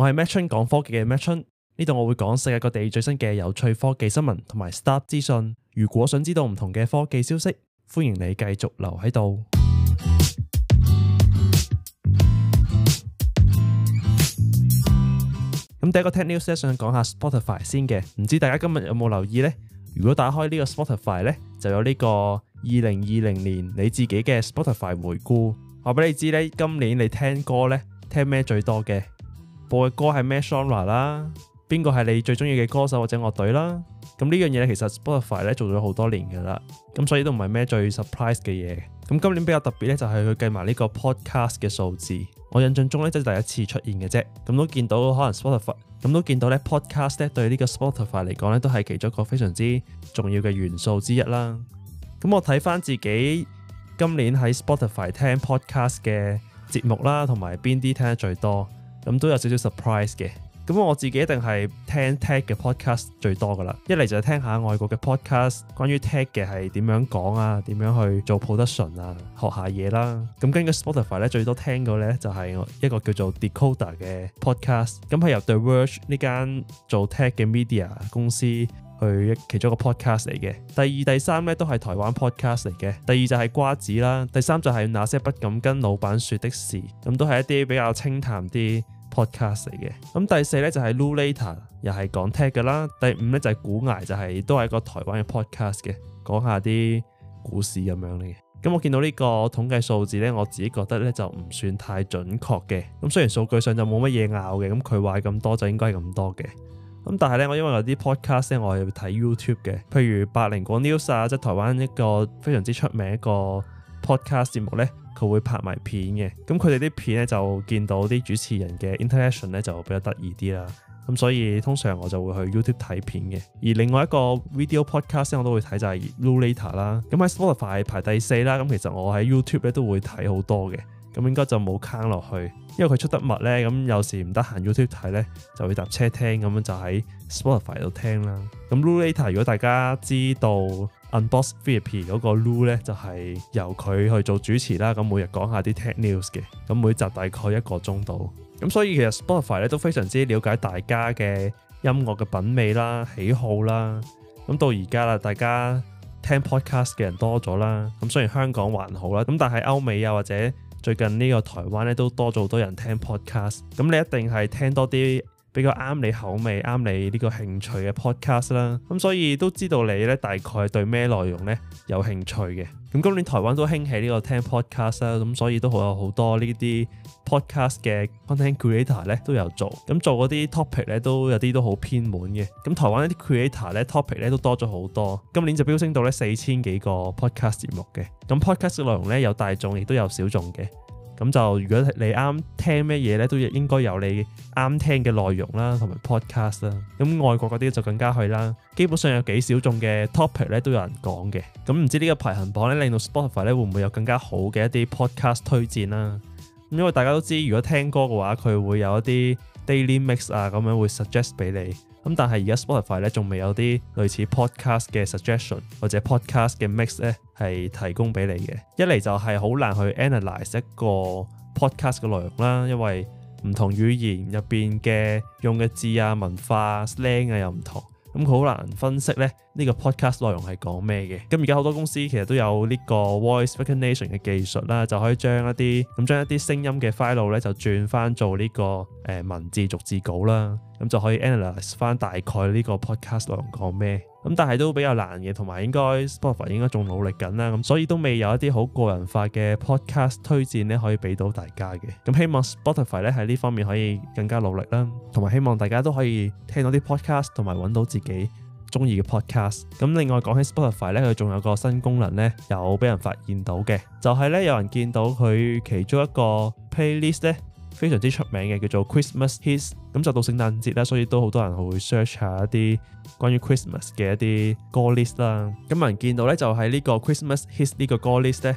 我係麥春講科技嘅 m a t 麥春，呢度我會講世界各地最新嘅有趣科技新聞同埋 startup 資訊。如果想知道唔同嘅科技消息，歡迎你繼續留喺度。咁、嗯、第一個 tech news 想講下 Spotify 先嘅，唔知大家今日有冇留意呢？如果打開呢個 Spotify 呢，就有呢個二零二零年你自己嘅 Spotify 回顧。話俾你知呢，今年你聽歌呢，聽咩最多嘅？播嘅歌係咩 genre 啦？邊個係你最中意嘅歌手或者樂隊啦？咁呢樣嘢其實 Spotify 咧做咗好多年㗎啦，咁所以都唔係咩最 surprise 嘅嘢。咁今年比較特別咧，就係佢計埋呢個 podcast 嘅數字。我印象中咧，即係第一次出現嘅啫。咁都見到可能 Spotify，咁都見到咧 podcast 咧對呢個 Spotify 嚟講咧，都係其中一個非常之重要嘅元素之一啦。咁我睇翻自己今年喺 Spotify 聽 podcast 嘅節目啦，同埋邊啲聽得最多。咁都有少少 surprise 嘅，咁我自己一定係聽 tech 嘅 podcast 最多噶啦，一嚟就係聽下外國嘅 podcast，關於 tech 嘅係點樣講啊，點樣去做 production 啊，學下嘢啦。咁跟住 Spotify 咧，最多聽過咧就係、是、一個叫做 Decoder 嘅 podcast，咁係由 The Verge 呢間做 tech 嘅 media 公司去其中一個 podcast 嚟嘅。第二、第三咧都係台灣 podcast 嚟嘅，第二就係瓜子啦，第三就係那些不敢跟老闆說的事，咁都係一啲比較清淡啲 podcast 嚟嘅，咁、嗯、第四咧就係、是、Loo Later，又係講 tech 啦。第五咧就係股癌，就係、是就是、都係一個台灣嘅 podcast 嘅，講下啲股市咁樣嘅。咁、嗯、我見到呢個統計數字咧，我自己覺得咧就唔算太準確嘅。咁、嗯、雖然數據上就冇乜嘢拗嘅，咁佢話咁多就應該係咁多嘅。咁、嗯、但係咧，我因為有啲 podcast 咧，我係睇 YouTube 嘅，譬如百靈果 news 啊，即、就、係、是、台灣一個非常之出名一個 podcast 節目咧。佢會拍埋片嘅，咁佢哋啲片咧就見到啲主持人嘅 interaction 咧就比較得意啲啦，咁所以通常我就會去 YouTube 睇片嘅。而另外一個 video podcast 咧我都會睇就係 Lulater 啦，咁喺 Spotify 排第四啦。咁其實我喺 YouTube 咧都會睇好多嘅，咁應該就冇坑落去，因為佢出得密咧，咁有時唔得閒 YouTube 睇咧就會搭車聽，咁樣就喺 Spotify 度聽啦。咁 Lulater 如果大家知道。Unbox Therapy 嗰個 Loo 咧，就係、是、由佢去做主持啦。咁每日講下啲 Tech News 嘅，咁每集大概一個鐘度。咁所以其實 Spotify 咧都非常之了解大家嘅音樂嘅品味啦、喜好啦。咁到而家啦，大家聽 Podcast 嘅人多咗啦。咁雖然香港還好啦，咁但係歐美啊或者最近呢個台灣咧都多咗好多人聽 Podcast。咁你一定係聽多啲。比較啱你口味，啱你呢個興趣嘅 podcast 啦，咁所以都知道你呢大概對咩內容呢有興趣嘅。咁今年台灣都興起呢個聽 podcast 啦，咁所以都好有好多呢啲 podcast 嘅 content creator 呢都有做，咁做嗰啲 topic 呢都有啲都好偏門嘅。咁台灣一啲 creator 呢 topic 呢都多咗好多，今年就飆升到呢四千幾個 podcast 節目嘅。咁 podcast 嘅內容呢有大眾亦都有小眾嘅。咁就如果你啱聽咩嘢咧，都應該有你啱聽嘅內容啦，同埋 podcast 啦。咁外國嗰啲就更加去啦。基本上有幾小眾嘅 topic 咧都有人講嘅。咁唔知呢個排行榜咧令到 Spotify 咧會唔會有更加好嘅一啲 podcast 推薦啦？因為大家都知，如果聽歌嘅話，佢會有一啲 daily mix 啊，咁樣會 suggest 俾你。咁但係而家 Spotify 咧仲未有啲類似 podcast 嘅 suggestion 或者 podcast 嘅 mix 咧係提供俾你嘅，一嚟就係好難去 analyze 一個 podcast 嘅內容啦，因為唔同語言入邊嘅用嘅字啊、文化 slang 啊又唔同，咁好難分析咧。呢個 podcast 內容係講咩嘅？咁而家好多公司其實都有呢個 voice recognition 嘅技術啦，就可以將一啲咁將一啲聲音嘅 file 咧，就轉翻做呢、這個誒、呃、文字逐字稿啦。咁就可以 analyse 翻大概呢個 podcast 內容講咩。咁但係都比較難嘅，同埋應該 Spotify 應該仲努力緊啦。咁所以都未有一啲好個人化嘅 podcast 推薦咧，可以俾到大家嘅。咁希望 Spotify 咧喺呢方面可以更加努力啦，同埋希望大家都可以聽到啲 podcast，同埋揾到自己。中意嘅 podcast，咁另外講起 Spotify 咧，佢仲有個新功能咧，有俾人發現到嘅，就係咧有人見到佢其中一個 playlist 咧，非常之出名嘅叫做 Christmas Hits，咁就到聖誕節啦，所以都好多人會 search 下一啲關於 Christmas 嘅一啲歌 list 啦，咁有人見到咧就喺呢個 Christmas Hits 呢個歌 list 咧，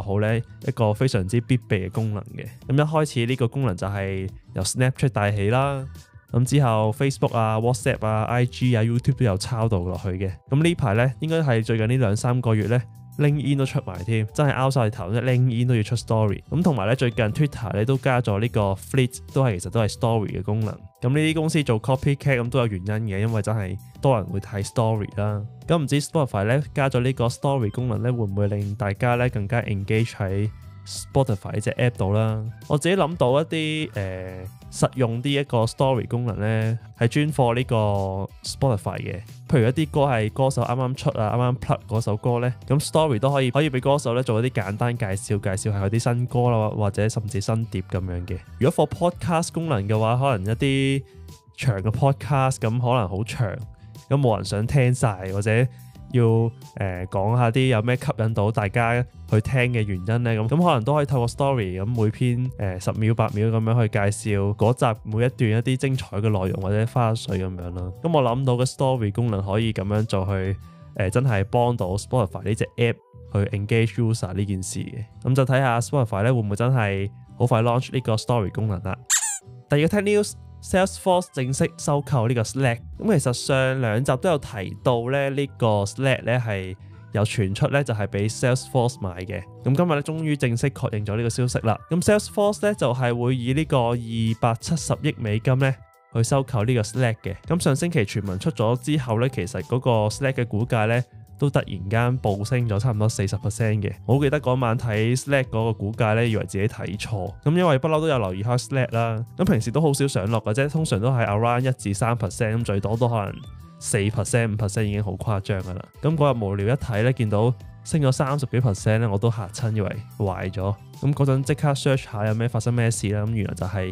好咧，一個非常之必備嘅功能嘅。咁一開始呢個功能就係由 Snapchat 帶起啦，咁之後 Facebook 啊、WhatsApp 啊、IG 啊、YouTube 都有抄到落去嘅。咁呢排呢，應該係最近呢兩三個月呢。link in 都出埋添，真係拗晒頭啫，link in 都要出 story 咁，同埋咧最近 Twitter 咧都加咗呢個 Fleet，都係其實都係 story 嘅功能。咁呢啲公司做 copycat 咁都有原因嘅，因為真係多人會睇 story 啦。咁唔知 Spotify 咧加咗呢個 story 功能咧，會唔會令大家咧更加 engage 喺？Spotify 呢隻 app 度啦，我自己諗到一啲誒、呃、實用啲一,一個 story 功能呢，係專貨呢個 Spotify 嘅。譬如一啲歌係歌手啱啱出啊，啱啱 plug 嗰首歌呢，咁 story 都可以可以俾歌手咧做一啲簡單介紹，介紹係佢啲新歌啦，或者甚至新碟咁樣嘅。如果 for podcast 功能嘅話，可能一啲長嘅 podcast 咁可能好長，咁冇人想聽晒，或者。要誒、呃、講下啲有咩吸引到大家去聽嘅原因呢？咁咁可能都可以透過 story 咁每篇誒十、呃、秒八秒咁樣去介紹嗰集每一段一啲精彩嘅內容或者花絮咁樣咯。咁我諗到嘅 story 功能可以咁樣做去，去、呃、誒真係幫到 Spotify 呢隻 app 去 engage user 呢件事嘅。咁就睇下 Spotify 咧會唔會真係好快 launch 呢個 story 功能啦。 第二個聽 news。Salesforce 正式收購呢個 Slack，咁其實上兩集都有提到咧，呢個 Slack 咧係有傳出咧就係俾 Salesforce 買嘅，咁今日咧終於正式確認咗呢個消息啦。咁 Salesforce 咧就係會以呢個二百七十億美金咧去收購呢個 Slack 嘅。咁上星期傳聞出咗之後咧，其實嗰個 Slack 嘅股價咧，都突然間暴升咗差唔多四十 percent 嘅，我好記得嗰晚睇 SLAD 嗰個股價咧，以為自己睇錯，咁因為不嬲都有留意開 SLAD 啦，咁平時都好少上落嘅啫，通常都喺 around 一至三 percent，咁最多都可能四 percent 五 percent 已經好誇張噶啦，咁嗰日無聊一睇咧，見到升咗三十幾 percent 咧，我都嚇親，以為壞咗，咁嗰陣即刻 search 下有咩發生咩事啦，咁原來就係。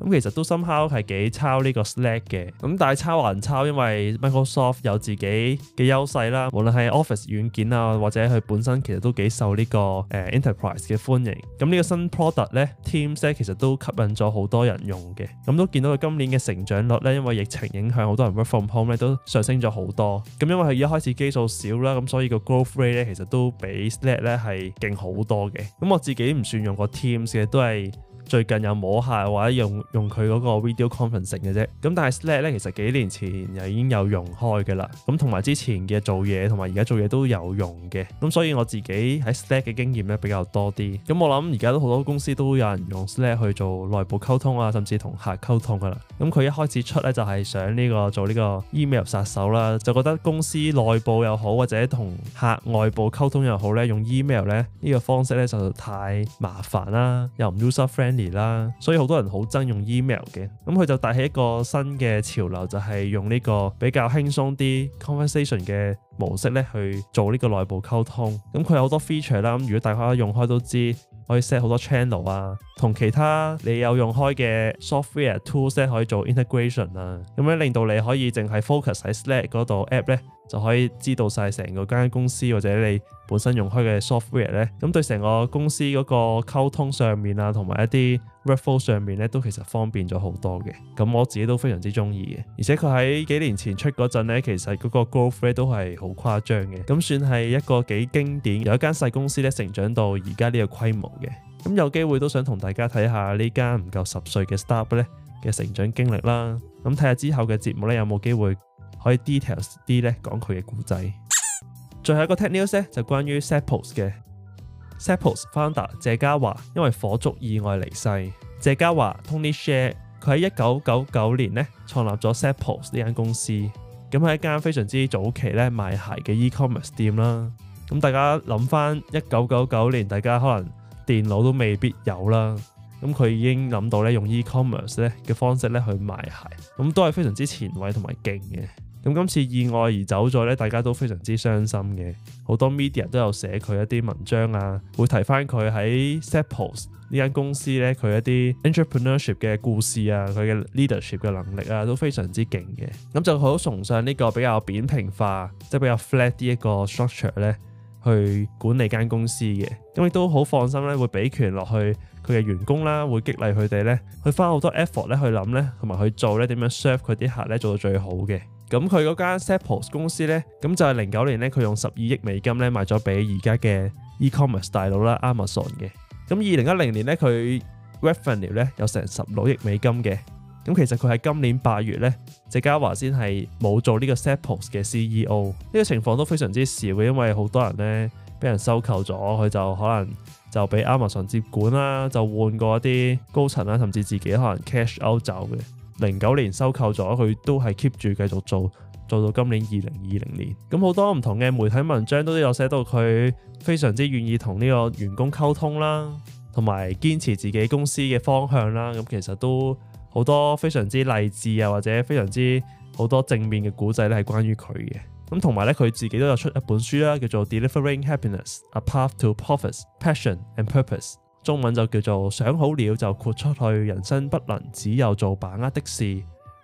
咁其實都 somehow 係幾抄呢個 Slack 嘅，咁但係抄還抄，因為 Microsoft 有自己嘅優勢啦，無論係 Office 軟件啊，或者佢本身其實都幾受呢、這個誒、呃、Enterprise 嘅歡迎。咁呢個新 product 咧 Teams 咧，其實都吸引咗好多人用嘅。咁都見到佢今年嘅成長率咧，因為疫情影響，好多人 Work From Home 咧都上升咗好多。咁因為佢一開始基數少啦，咁所以個 growth rate 咧其實都比 Slack 咧係勁好多嘅。咁我自己唔算用過 Teams 嘅，都係。最近又摸下或者用用佢嗰個 video conferencing 嘅啫，咁但係 Slack 咧其實幾年前又已經有用開嘅啦，咁同埋之前嘅做嘢同埋而家做嘢都有用嘅，咁所以我自己喺 Slack 嘅經驗咧比較多啲，咁我諗而家都好多公司都有人用 Slack 去做內部溝通啊，甚至同客溝通噶啦，咁佢一開始出咧就係想呢個做呢個 email 殺手啦，就覺得公司內部又好或者同客外部溝通又好咧，用 email 咧呢個方式咧就太麻煩啦，又唔 user friendly 啦，所以好多人好憎用 email 嘅，咁佢就帶起一個新嘅潮流，就係用呢個比較輕鬆啲 conversation 嘅模式咧，去做呢個內部溝通。咁佢有好多 feature 啦，咁如果大家用開都知，可以 set 好多 channel 啊，同其他你有用開嘅 software tools 咧可以做 integration 啦、啊，咁樣令到你可以淨係 focus 喺 Slack 嗰度 app 咧。就可以知道晒成個間公司或者你本身用開嘅 software 呢。咁對成個公司嗰個溝通上面啊，同埋一啲 report 上面呢，都其實方便咗好多嘅。咁我自己都非常之中意嘅，而且佢喺幾年前出嗰陣咧，其實嗰個 growth 都係好誇張嘅。咁算係一個幾經典，由一間細公司咧成長到而家呢個規模嘅。咁有機會都想同大家睇下家呢間唔夠十歲嘅 startup 咧嘅成長經歷啦。咁睇下之後嘅節目呢，有冇機會？可以 details 啲咧講佢嘅故仔。最後一個 tech news 咧就關於 Zappos 嘅 Zappos founder 謝家華，因為火燭意外離世。謝家華 Tony Share 佢喺一九九九年咧創立咗 Zappos 呢間公司，咁喺一間非常之早期咧賣鞋嘅 e-commerce 店啦。咁大家諗翻一九九九年，大家可能電腦都未必有啦。咁佢已經諗到咧用 e-commerce 咧嘅方式咧去賣鞋，咁都係非常之前衛同埋勁嘅。咁今次意外而走咗咧，大家都非常之傷心嘅。好多 media 都有寫佢一啲文章啊，會提翻佢喺 Zappos 呢間公司咧，佢一啲 entrepreneurship 嘅故事啊，佢嘅 leadership 嘅能力啊，都非常之勁嘅。咁就好崇尚呢個比較扁平化，即係比較 flat 啲一個 structure 咧，去管理間公司嘅。咁亦都好放心咧，會俾權落去佢嘅員工啦，會激勵佢哋咧，去翻好多 effort 咧去諗咧，同埋去做咧，點樣 serve 佢啲客咧做到最好嘅。咁佢嗰間 Zappos 公司呢，咁就係零九年呢，佢用十二億美金呢賣咗俾而家嘅 e-commerce 大佬啦 Amazon 嘅。咁二零一零年呢，佢 Revenue 呢有成十六億美金嘅。咁其實佢喺今年八月呢，謝家華先係冇做呢個 Zappos 嘅 CEO。呢、呢個情況都非常之少嘅，因為好多人呢俾人收購咗，佢就可能就俾 Amazon 接管啦，就換過一啲高層啦，甚至自己可能 cash out 走嘅。零九年收購咗佢，都係 keep 住繼續做，做到今年二零二零年。咁好多唔同嘅媒體文章都有寫到佢非常之願意同呢個員工溝通啦，同埋堅持自己公司嘅方向啦。咁其實都好多非常之勵志啊，或者非常之好多正面嘅古仔咧，係關於佢嘅。咁同埋咧，佢自己都有出一本書啦，叫做《Delivering Happiness: A Path to Profits, Passion and Purpose》。.中文就叫做想好了就豁出去，人生不能只有做把握的事。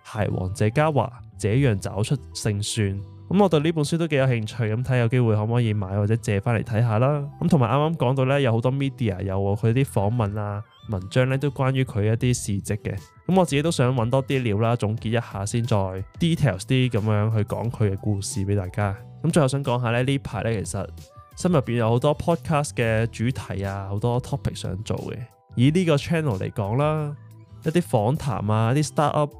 鞋王謝家華，這樣找出勝算。咁、嗯、我對呢本書都幾有興趣，咁睇有機會可唔可以買或者借翻嚟睇下啦。咁同埋啱啱講到呢，有好多 media 有佢啲訪問啊，文章呢都關於佢一啲事蹟嘅。咁、嗯、我自己都想揾多啲料啦，總結一下先，再 details 啲咁樣去講佢嘅故事俾大家。咁、嗯、最後想講下呢，呢排呢，其實。心入邊有好多 podcast 嘅主題啊，好多 topic 想做嘅。以呢個 channel 嚟講啦，一啲訪談啊，啲 start up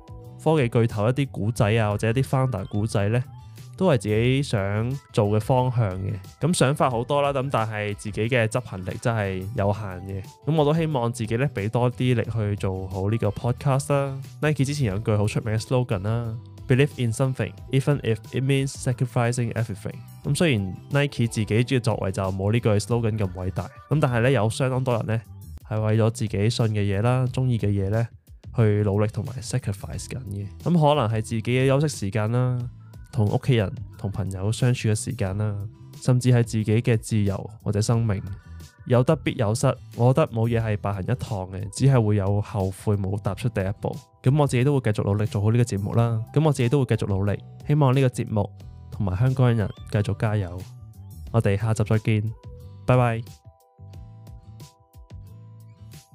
科技巨頭一啲故仔啊，或者一啲 founder 故仔呢，都係自己想做嘅方向嘅。咁想法好多啦，咁但係自己嘅執行力真係有限嘅。咁我都希望自己呢，俾多啲力去做好呢個 podcast 啦。Nike 之前有句好出名嘅 slogan 啦。Believe in something, even if it means sacrificing everything，嗯。咁雖然 Nike 自己主要作為就冇呢句 slogan 咁偉大，咁、嗯、但係咧有相當多人咧係為咗自己信嘅嘢啦，鍾意嘅嘢咧去努力同埋 sacrifice 緊嘅。咁、嗯、可能係自己嘅休息時間啦，同屋企人、同朋友相處嘅時間啦，甚至係自己嘅自由或者生命。有得必有失，我覺得冇嘢係白行一趟嘅，只係會有後悔冇踏出第一步。咁我自己都會繼續努力做好呢個節目啦。咁我自己都會繼續努力，希望呢個節目同埋香港人繼續加油。我哋下集再見，拜拜。